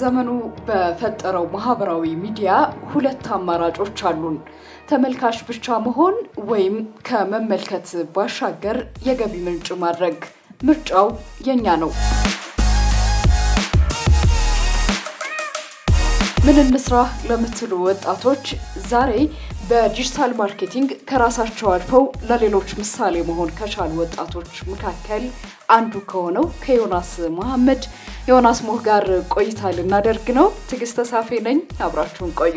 ዘመኑ በፈጠረው ማህበራዊ ሚዲያ ሁለት አማራጮች አሉን። ተመልካች ብቻ መሆን ወይም ከመመልከት ባሻገር የገቢ ምንጭ ማድረግ። ምርጫው የኛ ነው። ምን እንስራ ለምትሉ ወጣቶች ዛሬ በዲጂታል ማርኬቲንግ ከራሳቸው አልፈው ለሌሎች ምሳሌ መሆን ከቻሉ ወጣቶች መካከል አንዱ ከሆነው ከዮናስ መሐመድ ዮናስ ሞህ ጋር ቆይታ ልናደርግ ነው። ትዕግስት ተሳፌ ነኝ። አብራችሁን ቆዩ።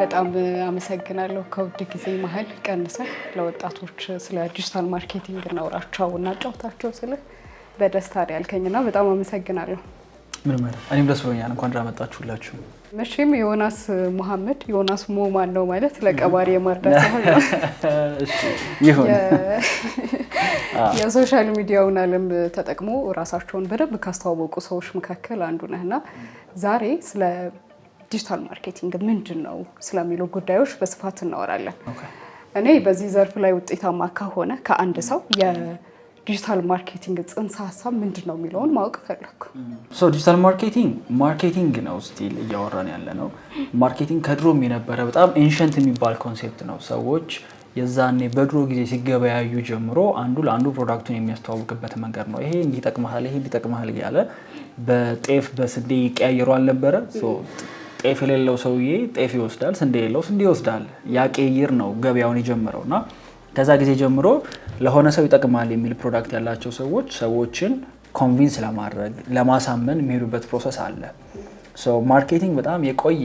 በጣም አመሰግናለሁ። ከውድ ጊዜ መሀል ቀንሰህ ለወጣቶች ስለ ዲጂታል ማርኬቲንግ እናውራቸው እና ጫውታቸው ስልህ በደስታ ነው ያልከኝና በጣም አመሰግናለሁ። ምን ማለት እኔም ደስ ብሎኛል። እንኳን ደህና መጣችሁ ሁላችሁ። መቼም ዮናስ መሐመድ ዮናስ ሞ ነው ማለት ለቀባሪ የማርዳት ይሁን የሶሻል ሚዲያውን ዓለም ተጠቅሞ ራሳቸውን በደንብ ካስተዋወቁ ሰዎች መካከል አንዱ ነህና ዛሬ ስለ ዲጂታል ማርኬቲንግ ምንድን ነው ስለሚሉ ጉዳዮች በስፋት እናወራለን። እኔ በዚህ ዘርፍ ላይ ውጤታማ ከሆነ ከአንድ ሰው የዲጂታል ማርኬቲንግ ጽንሰ ሀሳብ ምንድን ነው የሚለውን ማወቅ ፈለግኩ። ዲጂታል ማርኬቲንግ ማርኬቲንግ ነው ስቲል እያወራን ያለ ነው። ማርኬቲንግ ከድሮም የነበረ በጣም ኤንሸንት የሚባል ኮንሴፕት ነው። ሰዎች የዛኔ በድሮ ጊዜ ሲገበያዩ ጀምሮ አንዱ ለአንዱ ፕሮዳክቱን የሚያስተዋውቅበት መንገድ ነው። ይሄ እንዲህ ይሄ እንዲህ እያለ በጤፍ በስንዴ ይቀያየሩ አልነበረ። ጤፍ የሌለው ሰውዬ ጤፍ ይወስዳል፣ ስንዴ የሌለው ስንዴ ይወስዳል። ያ ቅይር ነው ገበያውን የጀመረው እና ከዛ ጊዜ ጀምሮ ለሆነ ሰው ይጠቅማል የሚል ፕሮዳክት ያላቸው ሰዎች ሰዎችን ኮንቪንስ ለማድረግ ለማሳመን የሚሄዱበት ፕሮሰስ አለ። ማርኬቲንግ በጣም የቆየ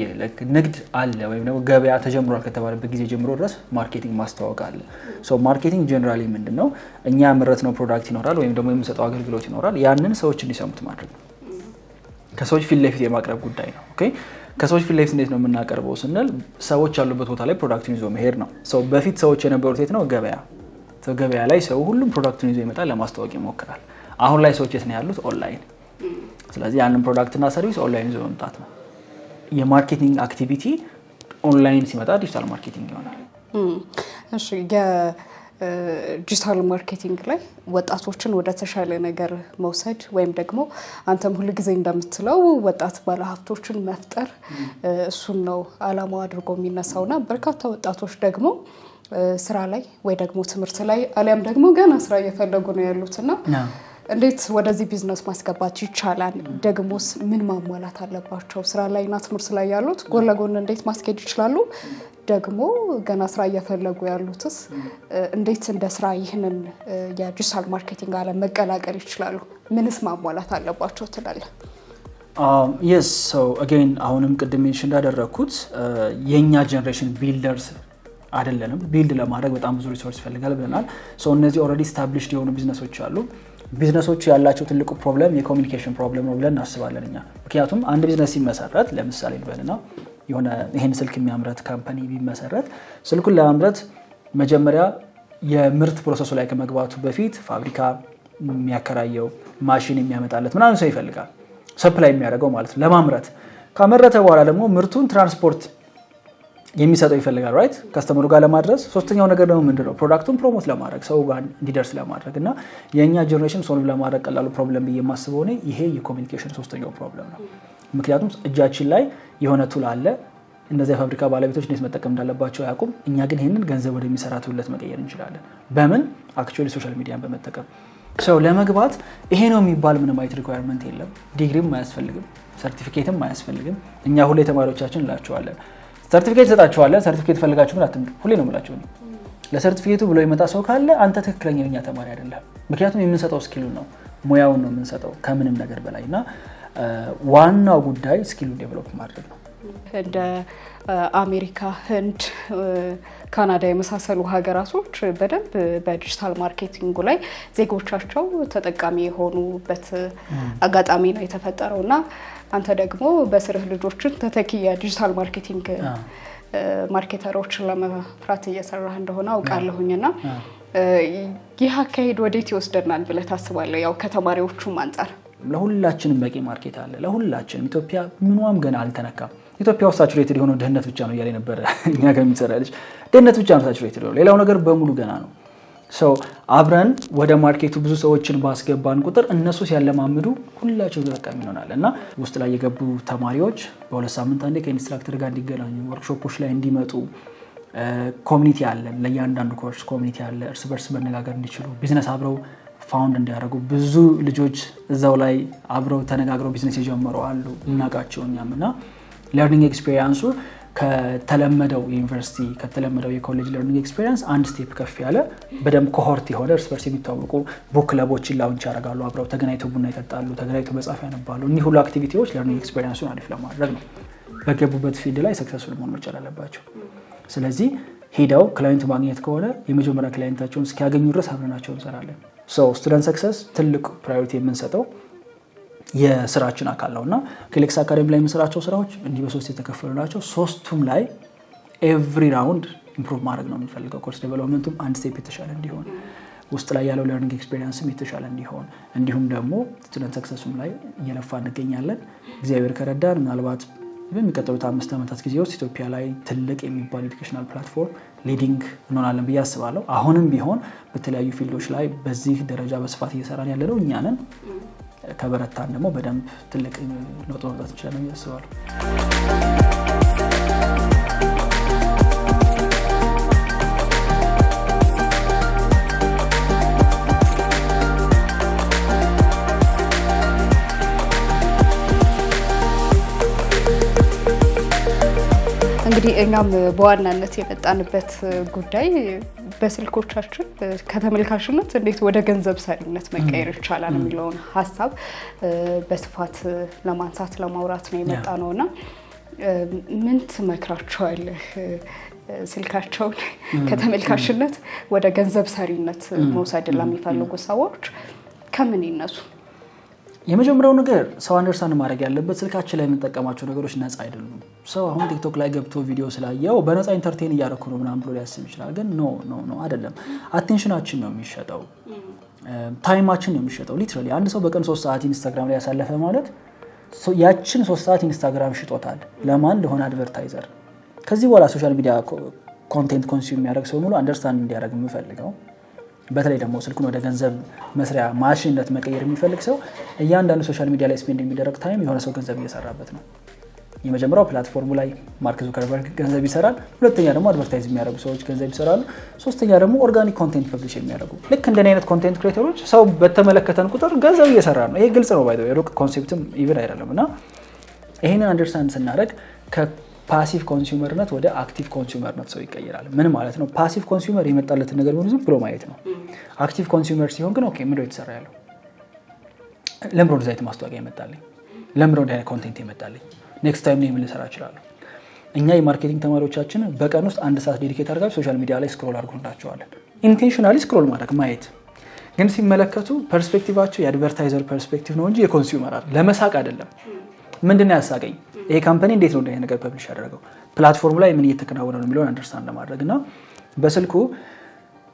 ንግድ አለ ወይም ደግሞ ገበያ ተጀምሯል ከተባለበት ጊዜ ጀምሮ ድረስ ማርኬቲንግ ማስተዋወቅ አለ። ማርኬቲንግ ጀነራሊ ምንድን ነው? እኛ ነው ፕሮዳክት ይኖራል ወይም ደግሞ የምንሰጠው አገልግሎት ይኖራል። ያንን ሰዎች እንዲሰሙት ማድረግ ነው። ከሰዎች ፊት ለፊት የማቅረብ ጉዳይ ነው። ኦኬ ከሰዎች ፊት ለፊት እንዴት ነው የምናቀርበው ስንል ሰዎች ያሉበት ቦታ ላይ ፕሮዳክቱን ይዞ መሄድ ነው። በፊት ሰዎች የነበሩት የት ነው? ገበያ። ገበያ ላይ ሰው ሁሉም ፕሮዳክቱን ይዞ ይመጣል፣ ለማስተዋወቅ ይሞክራል። አሁን ላይ ሰዎች የት ነው ያሉት? ኦንላይን ስለዚህ ያንን ፕሮዳክትና ሰርቪስ ኦንላይን ይዞ መምጣት ነው። የማርኬቲንግ አክቲቪቲ ኦንላይን ሲመጣ ዲጂታል ማርኬቲንግ ይሆናል። እሺ፣ የዲጂታል ማርኬቲንግ ላይ ወጣቶችን ወደ ተሻለ ነገር መውሰድ ወይም ደግሞ አንተም ሁል ጊዜ እንደምትለው ወጣት ባለሀብቶችን መፍጠር እሱን ነው አላማው አድርጎ የሚነሳውና በርካታ ወጣቶች ደግሞ ስራ ላይ ወይ ደግሞ ትምህርት ላይ አሊያም ደግሞ ገና ስራ እየፈለጉ ነው ያሉትና እንዴት ወደዚህ ቢዝነስ ማስገባት ይቻላል? ደግሞስ ምን ማሟላት አለባቸው? ስራ ላይና ትምህርት ላይ ያሉት ጎን ለጎን እንዴት ማስኬድ ይችላሉ? ደግሞ ገና ስራ እየፈለጉ ያሉትስ እንዴት እንደ ስራ ይህንን የዲጂታል ማርኬቲንግ አለ መቀላቀል ይችላሉ? ምንስ ማሟላት አለባቸው ትላለ? የስ ሰው አሁንም ቅድሜ ሽ እንዳደረግኩት uh, የእኛ ጀኔሬሽን ቢልደርስ አይደለንም። ቢልድ ለማድረግ በጣም ብዙ ሪሶርስ ይፈልጋል ብለናል። እነዚህ ኦልሬዲ ስታብሊሽድ የሆኑ ቢዝነሶች አሉ። ቢዝነሶች ያላቸው ትልቁ ፕሮብለም የኮሚኒኬሽን ፕሮብለም ነው ብለን እናስባለን እኛ። ምክንያቱም አንድ ቢዝነስ ሲመሰረት ለምሳሌ ልበልና የሆነ ይህን ስልክ የሚያምረት ካምፓኒ ቢመሰረት ስልኩን ለማምረት መጀመሪያ የምርት ፕሮሰሱ ላይ ከመግባቱ በፊት ፋብሪካ የሚያከራየው ማሽን የሚያመጣለት ምናምን ሰው ይፈልጋል፣ ሰፕላይ የሚያደርገው ማለት ነው ለማምረት። ካመረተ በኋላ ደግሞ ምርቱን ትራንስፖርት የሚሰጠው ይፈልጋል ራይት ከስተመሩ ጋር ለማድረስ ሶስተኛው ነገር ደግሞ ምንድነው ፕሮዳክቱን ፕሮሞት ለማድረግ ሰው ጋር እንዲደርስ ለማድረግ እና የእኛ ጀኔሬሽን ሶልቭ ለማድረግ ቀላሉ ፕሮብለም ብዬ የማስበው እኔ ይሄ የኮሚኒኬሽን ሶስተኛው ፕሮብለም ነው ምክንያቱም እጃችን ላይ የሆነ ቱል አለ እነዚያ የፋብሪካ ባለቤቶች እንዴት መጠቀም እንዳለባቸው አያውቁም እኛ ግን ይህንን ገንዘብ ወደሚሰራ ትውለት መቀየር እንችላለን በምን አክቹዋሊ ሶሻል ሚዲያን በመጠቀም ሰው ለመግባት ይሄ ነው የሚባል ምንም አይት ሪኳርመንት የለም ዲግሪም አያስፈልግም ሰርቲፊኬትም አያስፈልግም እኛ ሁሌ ተማሪዎቻችን እንላቸዋለን ሰርቲፊኬት ሰጣችኋለን። ሰርቲፊኬት ፈልጋችሁ ግን አትምጡ። ሁሌ ነው የምላቸው ለሰርቲፊኬቱ ብሎ የመጣ ሰው ካለ አንተ ትክክለኛኛ ተማሪ አይደለም። ምክንያቱም የምንሰጠው ስኪሉ ነው ሙያውን ነው የምንሰጠው ከምንም ነገር በላይ እና ዋናው ጉዳይ ስኪሉን ዴቨሎፕ ማድረግ ነው። አሜሪካ፣ ህንድ፣ ካናዳ የመሳሰሉ ሀገራቶች በደንብ በዲጂታል ማርኬቲንጉ ላይ ዜጎቻቸው ተጠቃሚ የሆኑበት አጋጣሚ ነው የተፈጠረው እና አንተ ደግሞ በስርህ ልጆችን ተተኪያ ዲጂታል ማርኬቲንግ ማርኬተሮችን ለመፍራት እየሰራህ እንደሆነ አውቃለሁኝ እና ይህ አካሄድ ወዴት ይወስደናል ብለህ ታስባለህ? ያው ከተማሪዎቹም አንጻር ለሁላችንም በቂ ማርኬት አለ። ለሁላችንም ኢትዮጵያ ምኗም ገና አልተነካም። ኢትዮጵያ ውስጥ ሳቹሬትድ የሆነው ድህነት ብቻ ነው እያለ ነበረ። እኛ ጋር የሚሰራ ልጅ ድህነት ብቻ ነው ሳቹሬትድ የሆነው፣ ሌላው ነገር በሙሉ ገና ነው። ሰው አብረን ወደ ማርኬቱ ብዙ ሰዎችን ባስገባን ቁጥር እነሱ ሲያለማምዱ ሁላቸው ተጠቃሚ ይሆናል እና ውስጥ ላይ የገቡ ተማሪዎች በሁለት ሳምንት አንዴ ከኢንስትራክተር ጋር እንዲገናኙ፣ ወርክሾፖች ላይ እንዲመጡ፣ ኮሚኒቲ አለ። ለእያንዳንዱ ኮርስ ኮሚኒቲ አለ። እርስ በርስ መነጋገር እንዲችሉ ቢዝነስ አብረው ፋውንድ እንዲያደርጉ ብዙ ልጆች እዛው ላይ አብረው ተነጋግረው ቢዝነስ የጀመሩ አሉ። እናውቃቸው እኛም እና ለርኒንግ ኤክስፔሪንሱ ከተለመደው ዩኒቨርሲቲ ከተለመደው የኮሌጅ ለርኒንግ ኤክስፔሪንስ አንድ ስቴፕ ከፍ ያለ በደንብ ኮሆርት የሆነ እርስ በርስ የሚታወቁ ቡክ ክለቦችን ላውንች ያደርጋሉ። አብረው ተገናኝቶ ቡና ይጠጣሉ፣ ተገናኝቶ መጽሐፍ ያነባሉ። እኒህ ሁሉ አክቲቪቲዎች ለርኒንግ ኤክስፔሪንሱን አሪፍ ለማድረግ ነው። በገቡበት ፊልድ ላይ ሰክሰስፉል መሆን መቻል አለባቸው። ስለዚህ ሄደው ክላይንቱ ማግኘት ከሆነ የመጀመሪያ ክላይንታቸውን እስኪያገኙ ድረስ አብረናቸው እንሰራለን። ስቱደንት ሰክሰስ ትልቅ ፕራዮሪቲ የምንሰጠው የስራችን አካል ነው እና ከሌክስ አካደሚ ላይ የምንሰራቸው ስራዎች እንዲህ በሶስት የተከፈሉ ናቸው። ሶስቱም ላይ ኤቭሪ ራውንድ ኢምፕሩቭ ማድረግ ነው የምንፈልገው። ኮርስ ዴቨሎፕመንቱም አንድ ስቴፕ የተሻለ እንዲሆን፣ ውስጥ ላይ ያለው ለርኒንግ ኤክስፔሪንስም የተሻለ እንዲሆን፣ እንዲሁም ደግሞ ስቱደንት ሰክሰሱም ላይ እየለፋ እንገኛለን። እግዚአብሔር ከረዳን ምናልባት በሚቀጥሉት አምስት ዓመታት ጊዜ ውስጥ ኢትዮጵያ ላይ ትልቅ የሚባል ኤዱኬሽናል ፕላትፎርም ሊዲንግ እንሆናለን ብዬ አስባለሁ። አሁንም ቢሆን በተለያዩ ፊልዶች ላይ በዚህ ደረጃ በስፋት እየሰራን ያለነው እኛ ነን። ከበረታን ደግሞ በደንብ ትልቅ ለውጥ ማምጣት እንችላለን ያስባሉ። እንግዲህ እኛም በዋናነት የመጣንበት ጉዳይ በስልኮቻችን ከተመልካችነት እንዴት ወደ ገንዘብ ሰሪነት መቀየር ይቻላል የሚለውን ሀሳብ በስፋት ለማንሳት ለማውራት ነው የመጣ ነው እና ምን ትመክራቸዋለህ? ስልካቸውን ከተመልካችነት ወደ ገንዘብ ሰሪነት መውሰድ ለሚፈልጉ ሰዎች ከምን ይነሱ? የመጀመሪያው ነገር ሰው አንደርስታንድ ማድረግ ያለበት ስልካችን ላይ የምንጠቀማቸው ነገሮች ነፃ አይደሉም። ሰው አሁን ቲክቶክ ላይ ገብቶ ቪዲዮ ስላየው በነፃ ኢንተርቴን እያደረኩ ነው ምናምን ብሎ ሊያስብ ይችላል። ግን ኖ ኖ ኖ አይደለም። አቴንሽናችን ነው የሚሸጠው፣ ታይማችን ነው የሚሸጠው። ሊትራሊ አንድ ሰው በቀን ሶስት ሰዓት ኢንስታግራም ላይ ያሳለፈ ማለት ያችን ሶስት ሰዓት ኢንስታግራም ሽጦታል ለማን ለሆነ አድቨርታይዘር። ከዚህ በኋላ ሶሻል ሚዲያ ኮንቴንት ኮንሱም የሚያደርግ ሰው ሙሉ አንደርስታንድ እንዲያደርግ የምፈልገው በተለይ ደግሞ ስልኩን ወደ ገንዘብ መስሪያ ማሽንነት መቀየር የሚፈልግ ሰው እያንዳንዱ ሶሻል ሚዲያ ላይ ስፔንድ የሚደረግ ታይም የሆነ ሰው ገንዘብ እየሰራበት ነው። የመጀመሪያው ፕላትፎርሙ ላይ ማርክ ዙከርበርግ ገንዘብ ይሰራል። ሁለተኛ ደግሞ አድቨርታይዝ የሚያደርጉ ሰዎች ገንዘብ ይሰራሉ። ሶስተኛ ደግሞ ኦርጋኒክ ኮንቴንት ፐብሊሽ የሚያደርጉ ልክ እንደ አይነት ኮንቴንት ክሬተሮች ሰው በተመለከተን ቁጥር ገንዘብ እየሰራ ነው። ይሄ ግልጽ ነው። ባይ ሩቅ ኮንሴፕትም ይብል አይደለም እና ይህንን አንደርስታንድ ስናደርግ ፓሲቭ ኮንሱመርነት ወደ አክቲቭ ኮንሱመርነት ሰው ይቀይራል። ምን ማለት ነው? ፓሲቭ ኮንሱመር የመጣለትን ነገር ሆኑ ዝም ብሎ ማየት ነው። አክቲቭ ኮንሱመር ሲሆን ግን ኦኬ፣ ምንድን የተሰራ ያለው? ለምሮ ዲዛይት አይነት ማስታወቂያ ይመጣልኝ፣ ለምሮ ዲዛይት ኮንቴንት ይመጣልኝ፣ ኔክስት ታይም ነው የምንሰራ እችላለሁ። እኛ የማርኬቲንግ ተማሪዎቻችን በቀን ውስጥ አንድ ሰዓት ዴዲኬት አድርጋችሁ ሶሻል ሚዲያ ላይ ስክሮል አድርጎ እንዳቸዋለን። ኢንቴንሽናሊ ስክሮል ማድረግ ማየት ግን ሲመለከቱ ፐርስፔክቲቫቸው የአድቨርታይዘር ፐርስፔክቲቭ ነው እንጂ የኮንሱመር ለመሳቅ አይደለም። ምንድን ያሳቀኝ ይሄ ካምፓኒ እንዴት ነው ነገር ፐብሊሽ ያደረገው፣ ፕላትፎርሙ ላይ ምን እየተከናወነ ነው የሚለውን አንደርስታንድ ለማድረግ እና በስልኩ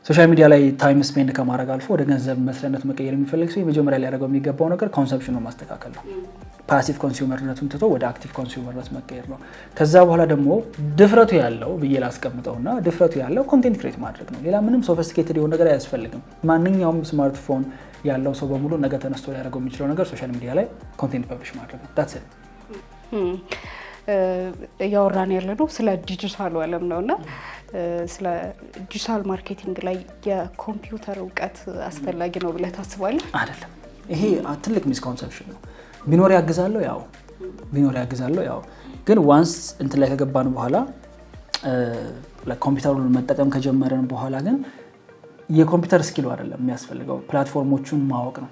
ሶሻል ሚዲያ ላይ ታይም ስፔንድ ከማድረግ አልፎ ወደ ገንዘብ መስሪያነት መቀየር የሚፈልግ ሰው የመጀመሪያ ሊያደርገው የሚገባው ነገር ኮንሰፕሽኑ ማስተካከል ነው። ፓሲቭ ኮንሱመርነቱን ትቶ ወደ አክቲቭ ኮንሱመርነት መቀየር ነው። ከዛ በኋላ ደግሞ ድፍረቱ ያለው ብዬ እና ድፍረቱ ያለው ኮንቴንት ክሬት ማድረግ ነው። ሌላ ምንም ሶፊስቲኬትድ የሆነ ነገር አያስፈልግም። ማንኛውም ስማርትፎን ያለው ሰው በሙሉ ነገ ተነስቶ ሊያደርገው የሚችለው ነገር ሶሻል ሚዲያ ላይ ኮንቴንት ፐብሊሽ ማድረግ ነው። እያወራን ያለ ነው ስለ ዲጂታሉ ዓለም ነው እና ስለ ዲጂታል ማርኬቲንግ ላይ የኮምፒውተር እውቀት አስፈላጊ ነው ብለህ ታስባለህ? አይደለም። ይሄ ትልቅ ሚስኮንሰፕሽን ነው። ቢኖር ያግዛለሁ፣ ያው ቢኖር ያግዛለሁ፣ ያው ግን ዋንስ እንትን ላይ ከገባን በኋላ ኮምፒውተሩን መጠቀም ከጀመረን በኋላ ግን የኮምፒውተር ስኪሉ አይደለም የሚያስፈልገው ፕላትፎርሞቹን ማወቅ ነው።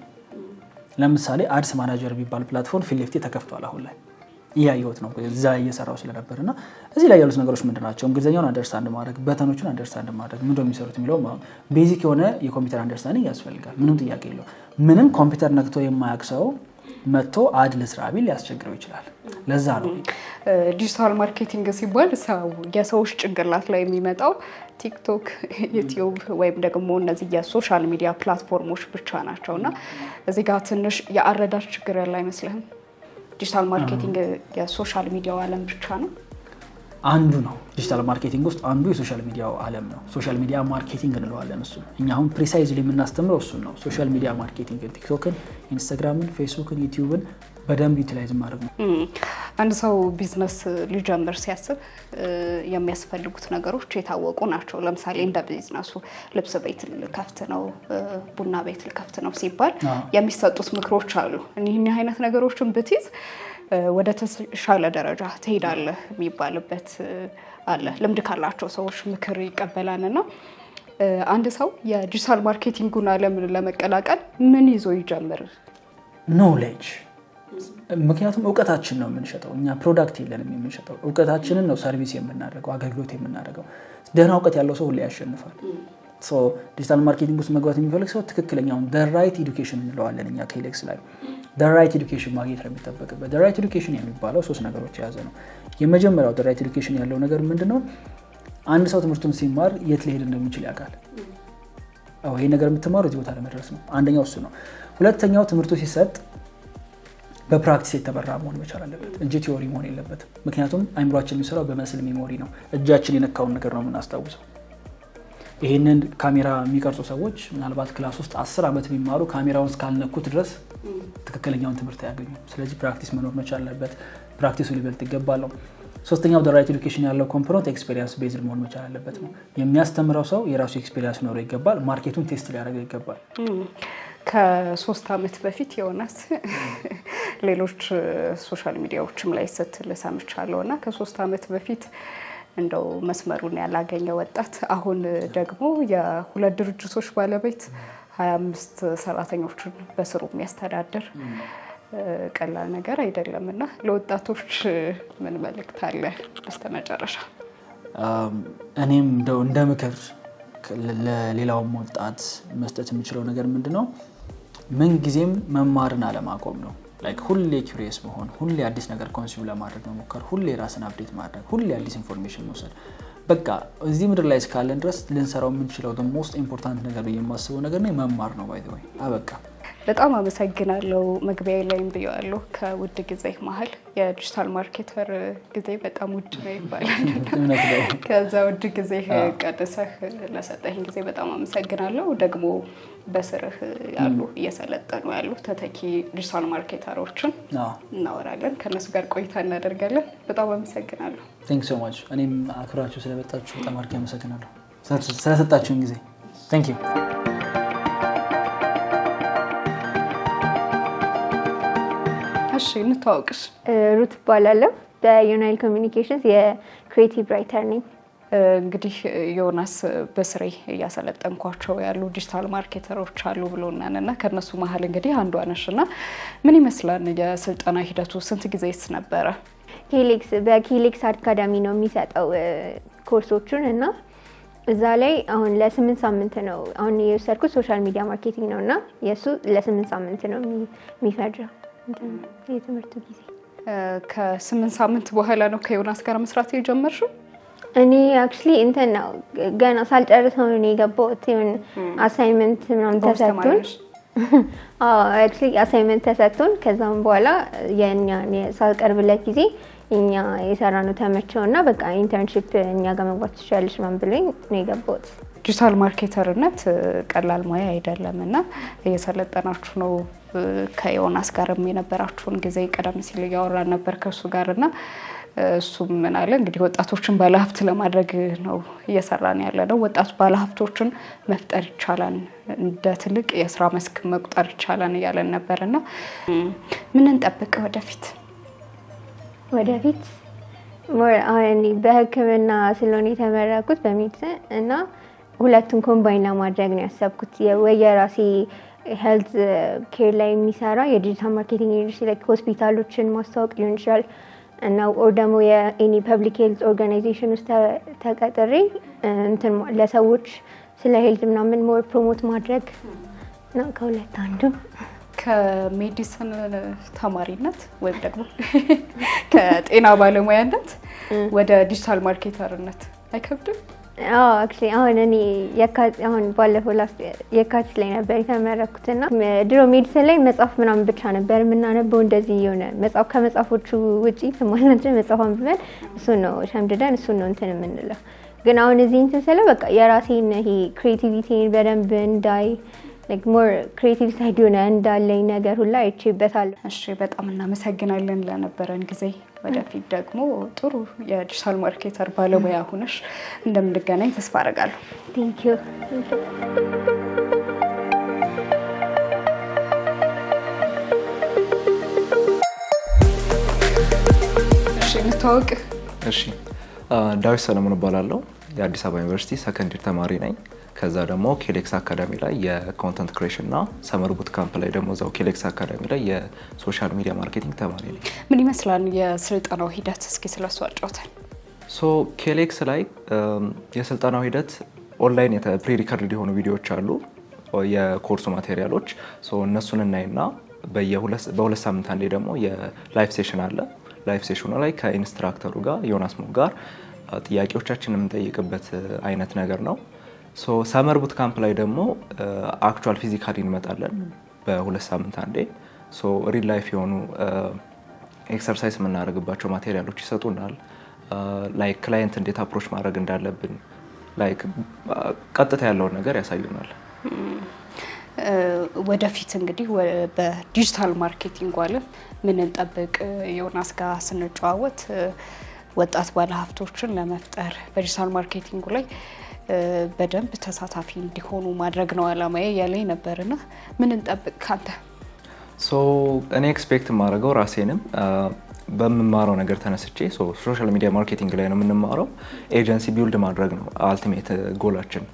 ለምሳሌ አድስ ማናጀር የሚባል ፕላትፎርም ፊት ለፊቴ ተከፍቷል አሁን ላይ እያየሁት ነው እዛ እየሰራው ስለነበር እና እዚህ ላይ ያሉት ነገሮች ምንድን ናቸው? እንግሊዝኛውን አንደርስታንድ ማድረግ፣ በተኖቹን አንደርስታንድ ማድረግ፣ ምንድ የሚሰሩት የሚለው ቤዚክ የሆነ የኮምፒውተር አንደርስታንድ ያስፈልጋል። ምንም ጥያቄ የለው። ምንም ኮምፒውተር ነክቶ የማያቅ ሰው መጥቶ አድ ልስራ ቢል ሊያስቸግረው ይችላል። ለዛ ነው ዲጂታል ማርኬቲንግ ሲባል የሰዎች ጭንቅላት ላይ የሚመጣው ቲክቶክ፣ ዩቲዩብ ወይም ደግሞ እነዚህ የሶሻል ሚዲያ ፕላትፎርሞች ብቻ ናቸው እና እዚህ ጋር ትንሽ የአረዳድ ችግር ያለ አይመስልህም? ዲጂታል ማርኬቲንግ የሶሻል ሚዲያው አለም ብቻ ነው አንዱ ነው። ዲጂታል ማርኬቲንግ ውስጥ አንዱ የሶሻል ሚዲያው አለም ነው። ሶሻል ሚዲያ ማርኬቲንግ እንለዋለን። እሱ እኛ አሁን ፕሪሳይዝ የምናስተምረው እሱን ነው። ሶሻል ሚዲያ ማርኬቲንግን፣ ቲክቶክን፣ ኢንስታግራምን፣ ፌስቡክን፣ ዩቲዩብን በደንብ ዩቲላይዝ ማድረግ ነው። አንድ ሰው ቢዝነስ ሊጀምር ሲያስብ የሚያስፈልጉት ነገሮች የታወቁ ናቸው። ለምሳሌ እንደ ቢዝነሱ ልብስ ቤት ልከፍት ነው፣ ቡና ቤት ልከፍት ነው ሲባል የሚሰጡት ምክሮች አሉ። እኒህን አይነት ነገሮችን ብትይዝ ወደ ተሻለ ደረጃ ትሄዳለህ የሚባልበት አለ። ልምድ ካላቸው ሰዎች ምክር ይቀበላልና አንድ ሰው የዲጂታል ማርኬቲንጉን አለምን ለመቀላቀል ምን ይዞ ይጀምር? ኖሌጅ ምክንያቱም እውቀታችን ነው የምንሸጠው። እኛ ፕሮዳክት የለንም የምንሸጠው፣ እውቀታችንን ነው ሰርቪስ የምናደርገው፣ አገልግሎት የምናደርገው። ደህና እውቀት ያለው ሰው ሁሌ ያሸንፋል። ዲጂታል ማርኬቲንግ ውስጥ መግባት የሚፈልግ ሰው ትክክለኛውን ራይት ኤዱኬሽን እንለዋለን እኛ ከሌክስ ላይ ራይት ኤዱኬሽን ማግኘት ነው የሚጠበቅበት። ራይት ኤዱኬሽን የሚባለው ሶስት ነገሮች የያዘ ነው። የመጀመሪያው ራይት ኤዱኬሽን ያለው ነገር ምንድን ነው? አንድ ሰው ትምህርቱን ሲማር የት ሊሄድ እንደሚችል ያውቃል። ይሄ ነገር የምትማሩ እዚህ ቦታ ለመድረስ ነው። አንደኛው እሱ ነው። ሁለተኛው ትምህርቱ ሲሰጥ በፕራክቲስ የተበራ መሆን መቻል አለበት እንጂ ቲዮሪ መሆን የለበትም። ምክንያቱም አይምሯችን የሚሰራው በመስል ሚሞሪ ነው። እጃችን የነካውን ነገር ነው የምናስታውሰው። ይህንን ካሜራ የሚቀርጹ ሰዎች ምናልባት ክላስ ውስጥ አስር ዓመት የሚማሩ ካሜራውን እስካልነኩት ድረስ ትክክለኛውን ትምህርት አያገኙም። ስለዚህ ፕራክቲስ መኖር መቻል አለበት። ፕራክቲሱ ሊበልጥ ይገባለው። ሶስተኛው ደራይት ኤዱኬሽን ያለው ኮምፖነንት ኤክስፔሪንስ ቤዝድ መሆን መቻል አለበት ነው። የሚያስተምረው ሰው የራሱ ኤክስፔሪንስ ኖረው ይገባል። ማርኬቱን ቴስት ሊያደርገው ይገባል። ከሶስት ዓመት በፊት የሆናት ሌሎች ሶሻል ሚዲያዎችም ላይ ስትል ሰምቻለሁ እና ከሶስት ዓመት በፊት እንደው መስመሩን ያላገኘ ወጣት አሁን ደግሞ የሁለት ድርጅቶች ባለቤት ሀያ አምስት ሰራተኞችን በስሩ የሚያስተዳድር ቀላል ነገር አይደለም እና ለወጣቶች ምን መልእክት አለ? በስተመጨረሻ እኔም እንደው እንደ ምክር ለሌላውም ወጣት መስጠት የምችለው ነገር ምንድን ነው? ምንጊዜም መማርን አለማቆም ነው። ላይክ ሁሌ ኪሪየስ መሆን፣ ሁሌ አዲስ ነገር ኮንሱም ለማድረግ መሞከር፣ ሁሌ ራስን አፕዴት ማድረግ፣ ሁሌ አዲስ ኢንፎርሜሽን መውሰድ። በቃ እዚህ ምድር ላይ እስካለን ድረስ ልንሰራው የምንችለው ሞስት ኢምፖርታንት ነገር ብዬ የማስበው ነገር ነው መማር ነው። ባይ ወይ አበቃ። በጣም አመሰግናለሁ። መግቢያ ላይም ብያለሁ። ከውድ ጊዜ መሀል የዲጂታል ማርኬተር ጊዜ በጣም ውድ ነው ይባላል። ከዛ ውድ ጊዜ ቀድሰህ ለሰጠኝ ጊዜ በጣም አመሰግናለሁ። ደግሞ በስርህ ያሉ እየሰለጠኑ ያሉ ተተኪ ዲጂታል ማርኬተሮችን እናወራለን፣ ከእነሱ ጋር ቆይታ እናደርጋለን። በጣም አመሰግናለሁ። ቴንክ ሶ እኔም አክብራችሁ ስለመጣችሁ በጣም አድርጌ አመሰግናለሁ ስለሰጣችሁን ጊዜ ቴንክ ዩ እሺ እንታወቅሽ። ሩት እባላለሁ። በዩናይል ኮሚኒኬሽንስ የክሬቲቭ ራይተር ነኝ። እንግዲህ ዮናስ በስሬ እያሰለጠንኳቸው ያሉ ዲጂታል ማርኬተሮች አሉ ብሎናል እና ከእነሱ መሀል እንግዲህ አንዷ ነሽ እና ምን ይመስላል የስልጠና ሂደቱ? ስንት ጊዜስ ነበረ? ኬሌክስ በኬሌክስ አካዳሚ ነው የሚሰጠው ኮርሶቹን እና እዛ ላይ አሁን ለስምንት ሳምንት ነው አሁን የወሰድኩት ሶሻል ሚዲያ ማርኬቲንግ ነው እና የእሱ ለስምንት ሳምንት ነው የሚፈጀው። የትምህርቱ ጊዜ ከስምንት ሳምንት በኋላ ነው ከዮናስ ጋር መስራት የጀመርሽው? እኔ አክቹሊ እንትን ነው ገና ሳልጨርሰው ነው ነው የገባሁት። ምን አሳይመንት ምናምን ተሰጥቶን፣ አክቹሊ አሳይመንት ተሰጥቶን ከዛም በኋላ የኛ ሳልቀርብለት ጊዜ እኛ የሰራ ነው ተመቸው እና በቃ ኢንተርንሺፕ እኛ ጋር መግባት ትችላለች ምናምን ብሎኝ ነው የገባሁት። ዲጂታል ማርኬተርነት ቀላል ሙያ አይደለም እና እየሰለጠናችሁ ነው ከዮናስ ጋርም የነበራችሁን ጊዜ ቀደም ሲል እያወራን ነበር ከእሱ ጋር እና እሱም ምን አለ እንግዲህ ወጣቶችን ባለሀብት ለማድረግ ነው እየሰራን ያለ ነው። ወጣቱ ባለሀብቶችን መፍጠር ይቻላል፣ እንደ ትልቅ የስራ መስክ መቁጠር ይቻላል እያለን ነበር እና ምን እንጠብቅ ወደፊት ወደፊት በሕክምና ስለሆነ የተመረኩት በሜዲሲን እና ሁለቱን ኮምባይን ለማድረግ ነው ያሰብኩት ወየራሴ ሄልት ኬር uh, ላይ የሚሰራ የዲጂታል ማርኬቲንግ ኢንዱስትሪ ላይ ሆስፒታሎችን ማስታወቅ ሊሆን ይችላል እና ኦር ደግሞ የኒ ፐብሊክ ሄልት ኦርጋናይዜሽን ውስጥ ተቀጥሬ uh, እንትን ለሰዎች ስለ ሄልት ምናምን ሞር ፕሮሞት ማድረግ ነው። ከሁለት አንዱ ከሜዲሲን ተማሪነት ወይም ደግሞ ከጤና ባለሙያነት ወደ ዲጂታል ማርኬተርነት አይከብድም? አክቹዋሊ አሁን እኔ ባለፈው ላስት የካቲት ላይ ነበር የተመረኩትና ድሮ ሜዲሲን ላይ መጽሐፍ ምናምን ብቻ ነበር የምናነበው። እንደዚህ የሆነ መጽሐፍ ከመጽሐፎቹ ውጪ ስማናችን መጽሐፍ አንብበን እሱን ነው ሸምድደን እሱን ነው እንትን የምንለው። ግን አሁን እዚህ እንትን ስለ በቃ የራሴን ይሄ ክሬቲቪቲን በደንብ እንዳይ ሞር ክሬቲቭ ሳይድ ሆነ እንዳለኝ ነገር ሁላ አይቼበታለሁ። እሺ፣ በጣም እናመሰግናለን ለነበረን ጊዜ። ወደፊት ደግሞ ጥሩ የዲጂታል ማርኬተር ባለሙያ ሆነሽ እንደምንገናኝ ተስፋ አደርጋለሁ። ቴንኪው። እንተዋወቅ። እሺ፣ ዳዊት ሰለሞን እባላለሁ። የአዲስ አበባ ዩኒቨርሲቲ ሰከንድ ተማሪ ነኝ። ከዛ ደግሞ ኬሌክስ አካዳሚ e ላይ የኮንተንት ክሬሽን እና ሰመር ቡት ካምፕ ላይ ደግሞ እዛው ኬሌክስ አካዳሚ e ላይ የሶሻል ሚዲያ ማርኬቲንግ ተማሪ ነኝ። ምን ይመስላል የስልጠናው ሂደት? እስኪ ስለሱ አጫውተን። ሶ ኬሌክስ e ላይ የስልጠናው ሂደት ኦንላይን ፕሪሪከርድ የሆኑ ቪዲዮዎች አሉ፣ የኮርሱ ማቴሪያሎች እነሱን እናይና በሁለት ሳምንት አንዴ ደግሞ የላይፍ ሴሽን አለ። ላይፍ ሴሽኑ ላይ ከኢንስትራክተሩ ጋር ዮናስ ሞክ ጋር ጥያቄዎቻችን የምንጠይቅበት አይነት ነገር ነው። ሰመር ቡት ካምፕ ላይ ደግሞ አክቹዋል ፊዚካሊ እንመጣለን በሁለት ሳምንት አንዴ። ሪል ላይፍ የሆኑ ኤክሰርሳይዝ የምናደርግባቸው ማቴሪያሎች ይሰጡናል። ላይክ ክላይንት እንዴት አፕሮች ማድረግ እንዳለብን ላይክ ቀጥታ ያለውን ነገር ያሳዩናል። ወደፊት እንግዲህ በዲጂታል ማርኬቲንግ ዓለም ምን እንጠብቅ? ዮናስ ጋር ስንጨዋወት ወጣት ባለሀብቶችን ለመፍጠር በዲጂታል ማርኬቲንጉ ላይ በደንብ ተሳታፊ እንዲሆኑ ማድረግ ነው አላማዬ ያለኝ ነበርና ምን እንጠብቅ ካንተ? እኔ ኤክስፔክት የማደርገው ራሴንም በምማረው ነገር ተነስቼ ሶሻል ሚዲያ ማርኬቲንግ ላይ ነው የምንማረው። ኤጀንሲ ቢውልድ ማድረግ ነው አልቲሜት ጎላችን።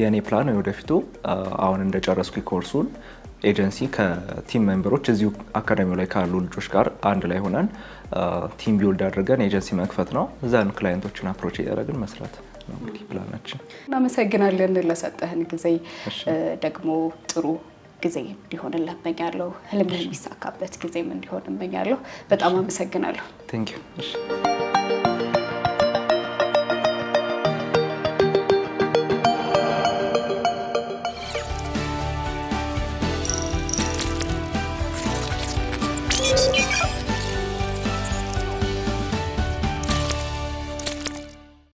የእኔ ፕላን ወደፊቱ አሁን እንደጨረስኩ ኮርሱን ኤጀንሲ ከቲም ሜምበሮች እዚሁ አካዳሚው ላይ ካሉ ልጆች ጋር አንድ ላይ ሆነን ቲም ቢውልድ አድርገን ኤጀንሲ መክፈት ነው። እዛን ክላይንቶችን አፕሮች እያደረግን መስራት ማለት ነው እንግዲህ ፕላናችን። እናመሰግናለን ለሰጠህን ጊዜ፣ ደግሞ ጥሩ ጊዜ እንዲሆንልህ እመኛለሁ። ህልምህ የሚሳካበት ጊዜም እንዲሆን እመኛለሁ። በጣም አመሰግናለሁ።